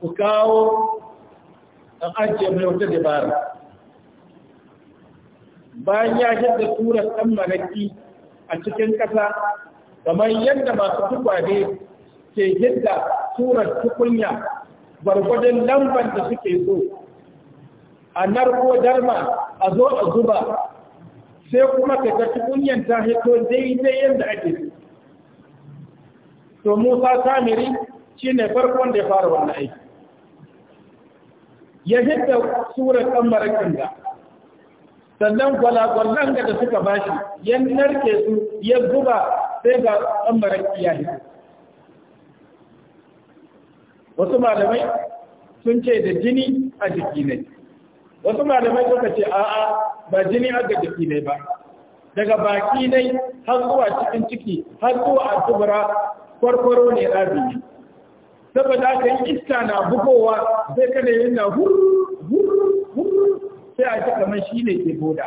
ku kawo an ajiye mai wata dabara bayan ya hidda tura san malaki a cikin ƙasa kamar yadda masu tukwade ke yadda turar tukunya gwargwadon lambar da suke so a narko darma a zo a zuba sai kuma ka ga tukunyan ta hito daidai yadda ake so to musa samiri shi ne farkon da ya fara wannan aiki ya hidda surar ɗan marakin sannan kwalakwallon da suka bashi ya narke su ya zuba sai ga ɗan maraki ya wasu malamai sun ce da jini a jiki ne wasu malamai suka ce a'a ba jini a ga jiki ne ba daga baki ne har zuwa cikin ciki har zuwa a tubura kwarkwaro ne rabi saboda aka yi iska na bugowa sai kada yi na huru. sai a ta kamar shi ne ke boda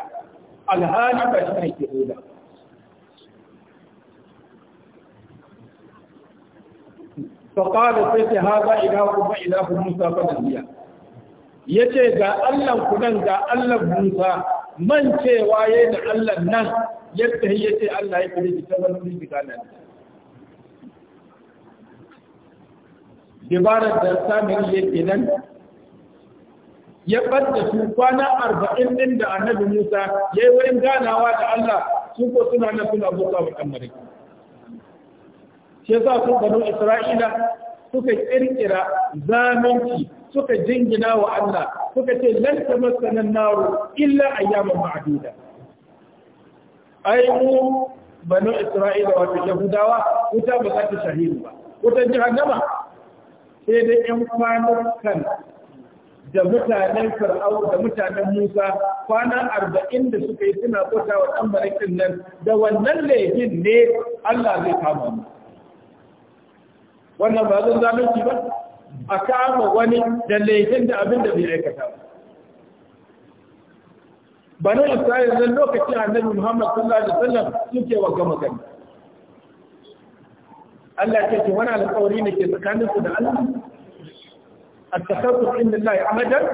alhali ba shi ne ke boda faƙaɗa sai ta haza ilahu ba ilahu musa ba da biya ya ce ga allan kudan ga Allah musa man cewa ya yi da allan nan yadda ya ce allah ya kare ta wani rufi ganar dabarar da samun yake nan ya ɓadda su kwana arba'in ɗin da annabi Musa ya yi wurin ganawa da Allah su ko suna nan suna bauta wa ɗan Shi yasa su gano Isra'ila suka ƙirƙira zamanci suka jingina wa Allah suka ce lan masanin naru illa ayyaman ma'duda. Ai mu bano Isra'ila wato Yahudawa wuta ba za ta shahiru ba. Wutan jahannama sai dai 'yan kwanar kan. da mutanen fir'au da mutanen musa kwana arba'in da suka yi suna bauta wa ɗan barikin nan da wannan laifin ne allah zai kama mu wannan ba zan zalunci ba a kama wani da laifin da abin da bai aikata ba bani isra'il zan lokacin annabi muhammad sallallahu alaihi wasallam suke wa gama gani Allah ce ce wani alƙawari ne ke tsakaninsu da Allah التخلص عند الله أبدا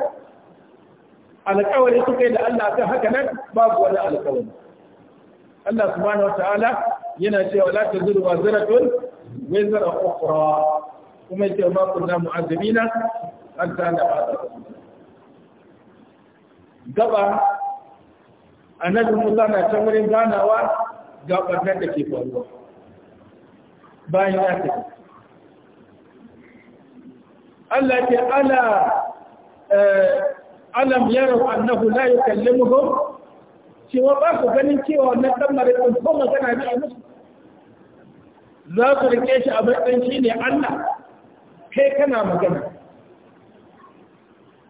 على الأول يتقي لألا تهكنا باب ولا على الأول الله سبحانه وتعالى ينأتي ولا تزر وزرة وزر أخرى وما يتقي ما قلنا معذبين أنت أنا بعد gaba annabi Musa na can wurin ganawa نتكي ɓarnar باين ke Allah ce eh, alam yaro annahu la yukallimuhum cewa ba ku ganin cewa na dan marikin ko magana ne a musu za su rike shi a matsayin shi ne Allah kai kana magana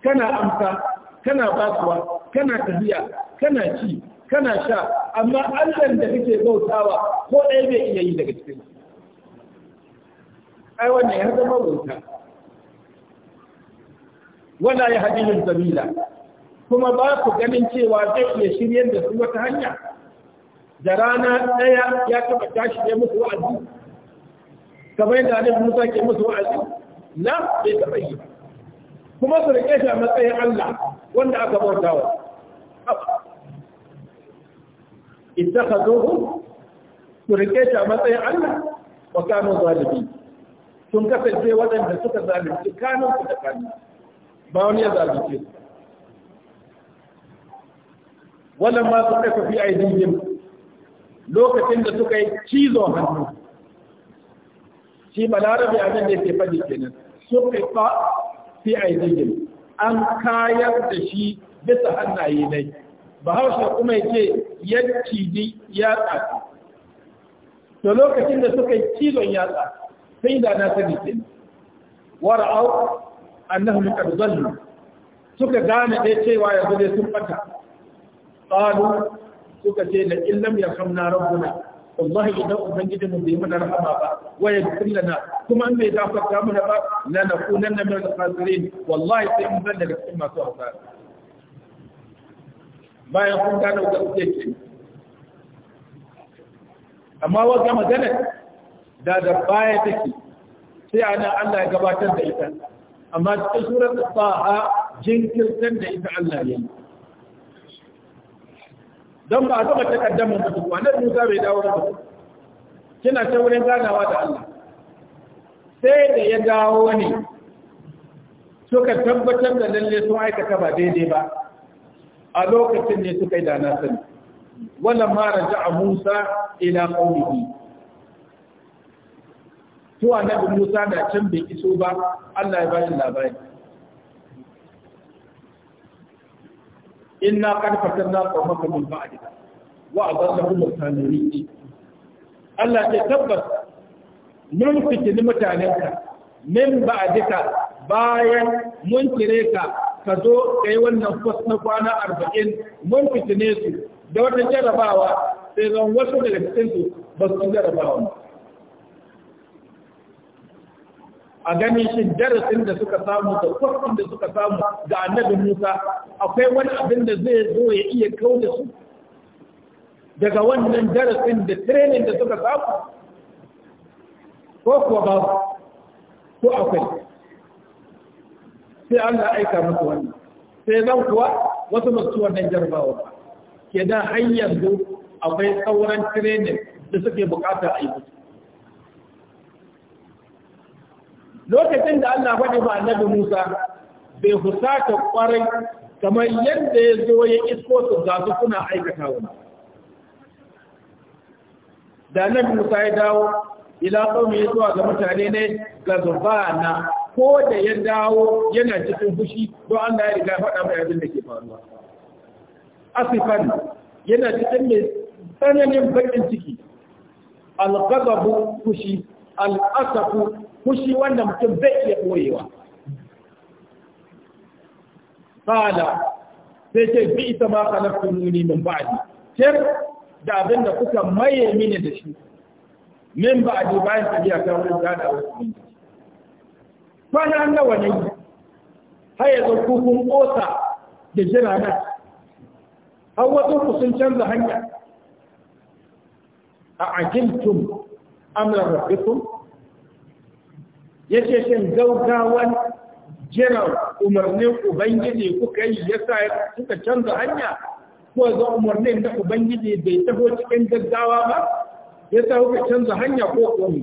kana amsa kana basuwa kana tafiya kana ci kana sha amma allahn da kake bautawa ko ɗaya bai iya yi daga cikin ai wannan ya zama bauta wala ya hadinin sabila kuma ba ku ganin cewa zai iya shirye da su wata hanya da rana ɗaya ya taɓa tashi ne musu wa'azi kamar yadda ne Musa ke musu wa'azi na bai taɓa yi kuma su rike shi a matsayin Allah wanda aka bauta wa ku? su rike shi a matsayin Allah wa kanu zalimin sun kasance waɗanda suka zalunci kanun su da kanun ba wani ya zalunce su wannan ma su kai kafa fi aidihim lokacin da suka yi cizon hannu shi balarabe abin da ke faɗi kenan suka fa fi aidihim an kayar da shi bisa hannaye nai bahaushe kuma ya ce yake yanciji yatsa to lokacin da suka yi cizon yatsa sai da na sani kenan wara'au annahum qad dallu suka gane dai cewa yanzu dai sun fata qalu suka ce la illam yarhamna rabbuna wallahi idan ubangijinmu bai mana rahama ba wa yadkhulna kuma an bai gafarta mana ba la nakunanna min al-khasirin wallahi sai in zanda daga cikin masu hasara bayan kun gane ga suke ke amma wata magana da da baya take sai ana Allah ya gabatar da ita amma cikin surar fa'a jinkirtar da ita Allah ne don ba a zama takardar mutu ba Musa bai dawo da kina taurin wurin ganawa da Allah sai da ya dawo ne suka tabbatar da lalle sun aikata ba daidai ba a lokacin ne suka yi da na wannan mara a Musa ila ƙaunihi to annabi Musa da can bai iso ba Allah ya ba shi labari inna qad fatanna qawmaka min ba'dika wa adallahum al-samirin Allah ya tabbas mun ni mutanenka min ba'dika bayan mun kire ka ka zo ka yi wannan kwas na kwana arba'in mun fitine su da wata jarabawa sai zan wasu daga cikin su ba su jarabawa a ganin shi darasin da suka samu da kwafin da suka samu ga annabi Musa akwai wani abin da zai zo ya iya kau da su daga wannan darasin da training da suka samu ko kuwa ba ko akwai sai Allah aika musu wannan sai zan kuwa wasu masu wannan jarabawa ba ke da har yanzu akwai sauran training da suke bukata a yi lokacin da Allah faɗi ba annabi Musa bai husata ƙwarai kamar yadda ya zo ya isko su ga su kuna aikata wa. da annabi Musa ya dawo ila qaumi ya zuwa ga mutane ne ga na, ko da ya dawo yana cikin fushi don Allah ya riga faɗa mai abin da ke faruwa asifan yana cikin mai tsananin bakin ciki al-ghadabu fushi al-asafu fushi wanda mutum zai iya ɓoyewa Fada sai ce bi ita ma kalaftu nuni min ba'di kir da abin da kuka maye mini da shi min ba'di bayan tafiya ta wani gada wasu kwana nawa ne har yanzu kukun ƙosa da jira nan har wasu ku sun canza hanya a ajintum amlar rabbikum Ya yace shin gaugawan jiran umarnin ubangiji kuka yi sa suka canza hanya ko ga umarnin da ubangiji bai taho cikin gaggawa ba ya sa kuka canza hanya ko komai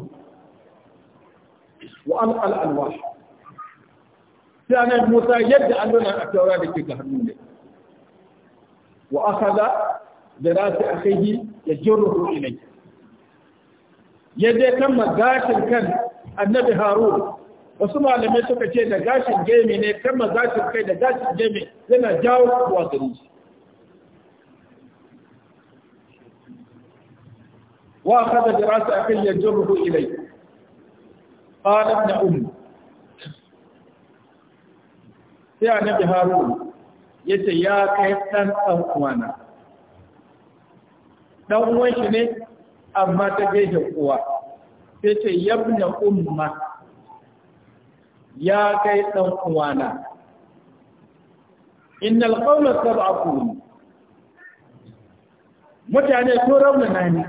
wa an al'alwa sanan musa yadda alluna a taura da ke ga hannu ne wa akhadha da za yi rasu akhihi yajruhu ilayhi yadda kan magashin kan annabi Haru, wasu malamai suka ce da gashin gemi ne kama gashin kai da gashin gemi yana jawo kuwa gari wa kada da rasu a kan yanzu ruhu ilai ƙalar na umu sai annabi Haru ya ce ya kai ɗan ɗan’uwana ɗan’uwan ɗan shi ne amma ta gefen uwa sai ce yabna umma ya kai dan uwana innal qawla ne. mutane to rauna na ni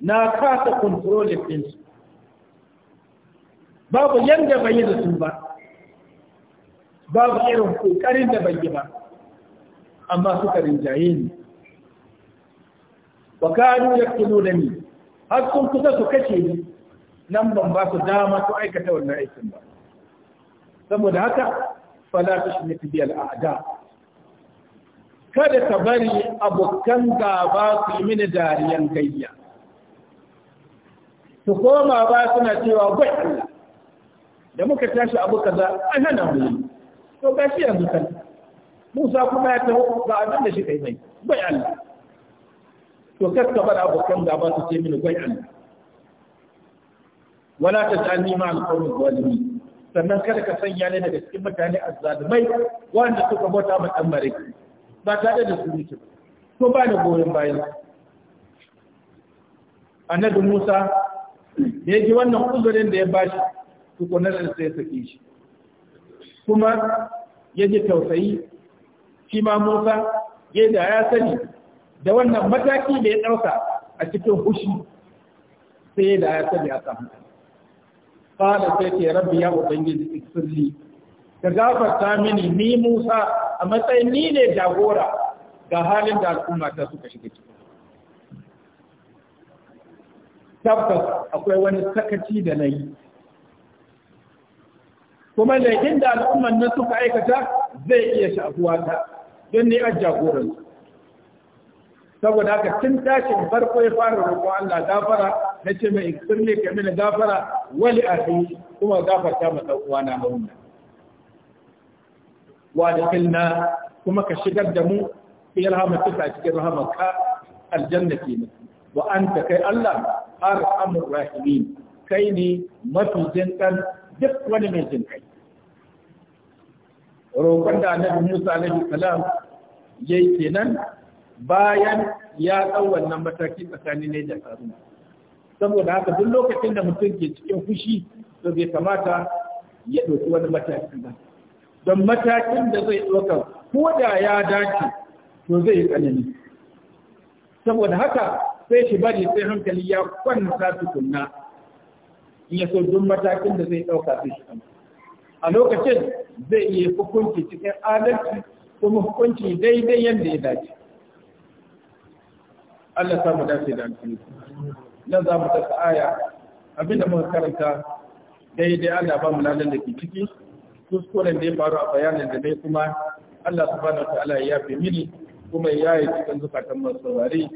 na kasa control din su babu yanda bai da su ba babu irin kokarin da bai ba amma suka rinjaye ni wa kanu da ni har sun kusa su kashe ni nan ban ba su dama su aikata wannan aikin ba saboda haka fala ta shi fi biyar a'da kada ka bari abokan gaba su yi mini dariyan gayya su koma ba suna cewa bai Allah da muka tashi abu kaza an hana mu yi to gashi yanzu kan Musa kuma ya taho ga abin da shi kai mai bai Allah to ka bar abokan da ba su ce mini gwai wala ta tani ma alqawmi sannan kada ka sanya ne daga cikin mutane azzalumai wanda suka bauta ma dan mareki ba tare da su ba ko ba da goyon bayan annabi Musa da ya ji wannan uzurin da ya bashi tukunar da sai sake shi kuma ya ji tausayi shi ma Musa ya da ya sani da wannan mataki da ya ɗauka a cikin hushi sai da ya sani a samu. Fada sai ke rabbi ya ubangiji sirri ka gafarta mini ni musa a matsayin ni ne jagora ga halin da al'umma ta suka shiga ciki tabbas akwai wani sakaci da na yi kuma laifin da al'umman nan suka aikata zai iya shafuwa ta don ne a jagoransu saboda haka tun tashin farko ya fara roƙo Allah gafara na ce mai ikirle ka mini gafara wali akhi kuma gafarta ma dan uwana mauna wa dakilna kuma ka shigar da mu fi ta cikin rahmatka aljanna kenan wa anta kai Allah arhamur rahimin kai ne mafi jinkan duk wani mai jinkai roƙon da annabi Musa alaihi salam yayi kenan bayan ya ɗau wannan mataki tsakanin ne da Kaduna. Saboda haka duk lokacin da mutum ke cikin fushi to bai kamata ya ɗauki wani mataki ba. Don matakin da zai ɗauka ko da ya dace to zai yi tsanani. Saboda haka sai shi bari sai hankali ya kwanta tukunna in ya so duk matakin da zai ɗauka sai shi A lokacin zai iya hukunci cikin adalci kuma hukunci daidai yadda ya dace. Allah samu dace da alkhairi nan za mu dasa aya abinda muka karanta daidai Allah ba mu da ke ciki kuskuren da ya faru a bayanin da dai kuma Allah subhanahu wa ta'ala ya fi mini kuma ya yi cikin zukatan masu saurari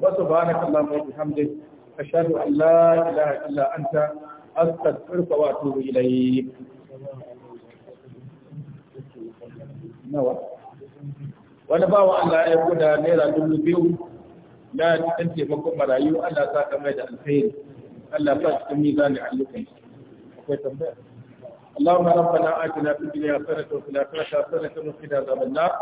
wa subhanaka allahumma wa bihamdik ashhadu an la ilaha illa anta astaghfiruka wa atubu ilayk nawa wani bawa Allah ya kuda naira dubu biyu da dan taimakon marayu Allah sa ka mai da alkhairi Allah sa cikin mizanin ayyukan akwai tambaya اللهم ربنا آتنا في الدنيا حسنة وفي الآخرة حسنة وقنا عذاب النار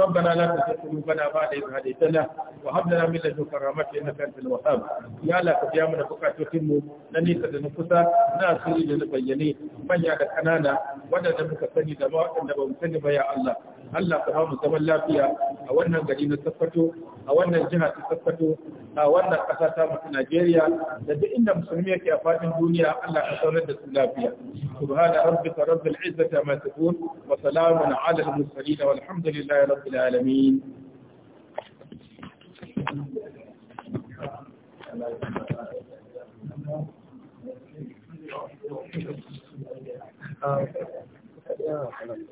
ربنا لا تزغ قلوبنا بعد إذ هديتنا وهب لنا من لدنك رحمة إنك أنت الوهاب يا لا يا من بقعة تتم لن تنفسا ناس لنبيني من يا كنانا ولا نمك سني دماء إنما مسلم يا الله Allah ka hamu zaman lafiya a wannan gari na tabbato a wannan jiha ta tabbato a wannan ƙasa ta mutu Najeriya da duk inda musulmi yake a fadin duniya Allah ka saurar da su lafiya subhana rabbika rabbil izzati amma tasifun wa salamun ala al mursalin walhamdulillahi rabbil alamin Uh, yeah,